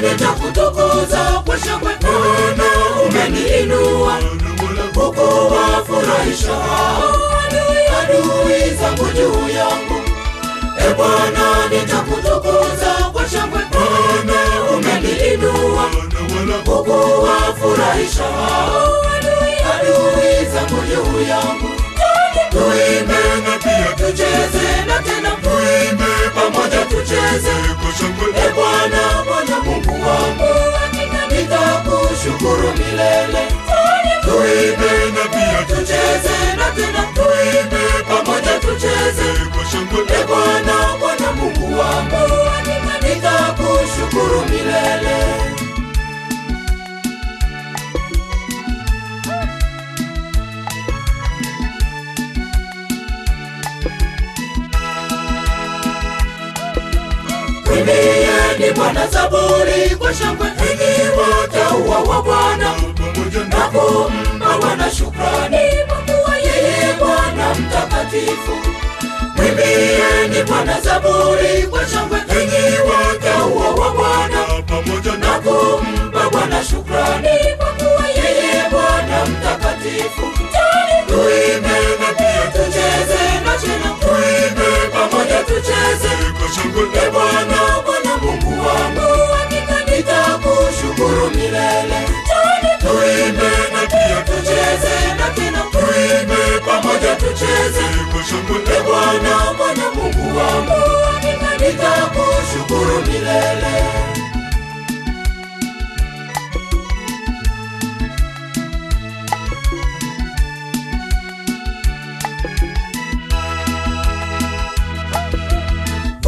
nitakutukuza kwa shangwe, maana umeniinua huku wafurahisha adui zangu juu yangu. E Bwana, nitakutukuza kwa shangwe, maana umeniinua huku wafurahisha Tushukuru milele, tuimbe na pia tucheze na tena tuimbe pamoja, tucheze kwa shangwe. E Bwana, Bwana Mungu wangu, nitakushukuru milele. Mwimbieni Bwana zaburi kwa shangwe, enyi wako awa na shukrani wa yeye Bwana mtakatifu. Mwimbieni Bwana zaburi kwa shangwe enyi wadau wa Bwana, pamoja na kumpa Bwana shukrani wa yeye Bwana mtakatifu. pia tucheze na tuimbe pamoja, tucheze kwa shangwe e Bwana, Bwana Mungu wangu, nitakushukuru milele. pamoja tucheze, mshukuru Bwana mwana Mungu wangu, kushukuru milele.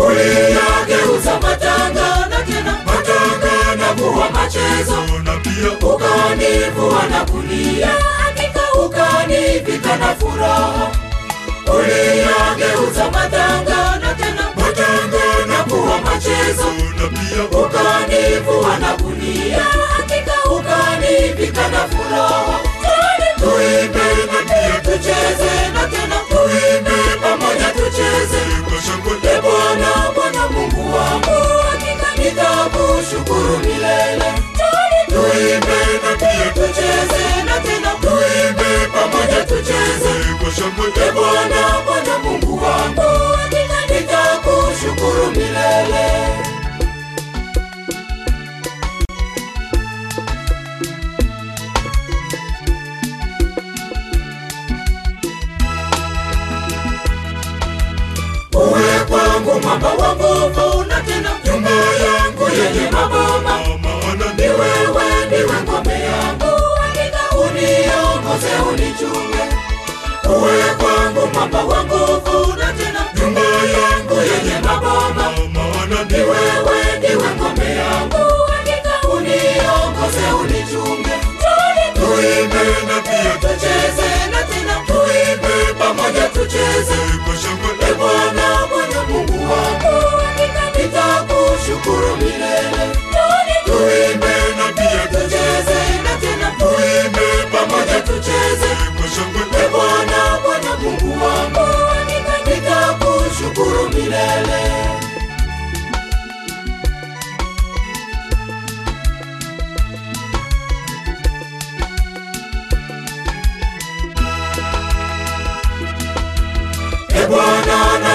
Uliyageuza matanga na tena matanga na kuwa machezo, na pia ukanivua na kulia kuja na furaha, uliyageuza na tena matangana kuwa machezo, na pia ukanivua na kulia, hakika ukanivika na furaha, tuimbe na pia tucheze na tena tuimbe pamoja tucheze, e Bwana Bwana Mungu wangu, hakika nitakushukuru milele. sana Bwana Mungu wangu, nitakushukuru milele. Uwe kwangu mwamba wangu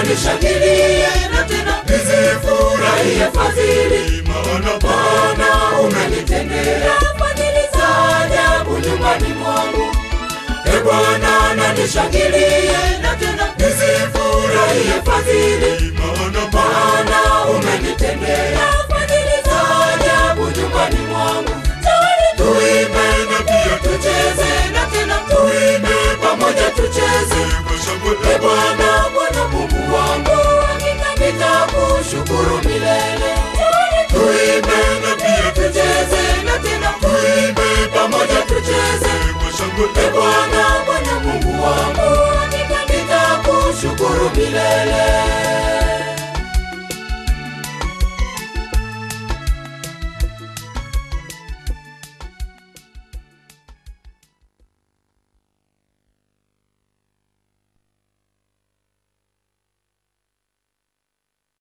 nishangilie na tena nizifurahie fadhili, maana Bwana umenitendea fadhili za ajabu nyumbani mwangu. E Bwana na nishangilie Mtafute Bwana, Bwana Mungu wangu, nitakushukuru milele.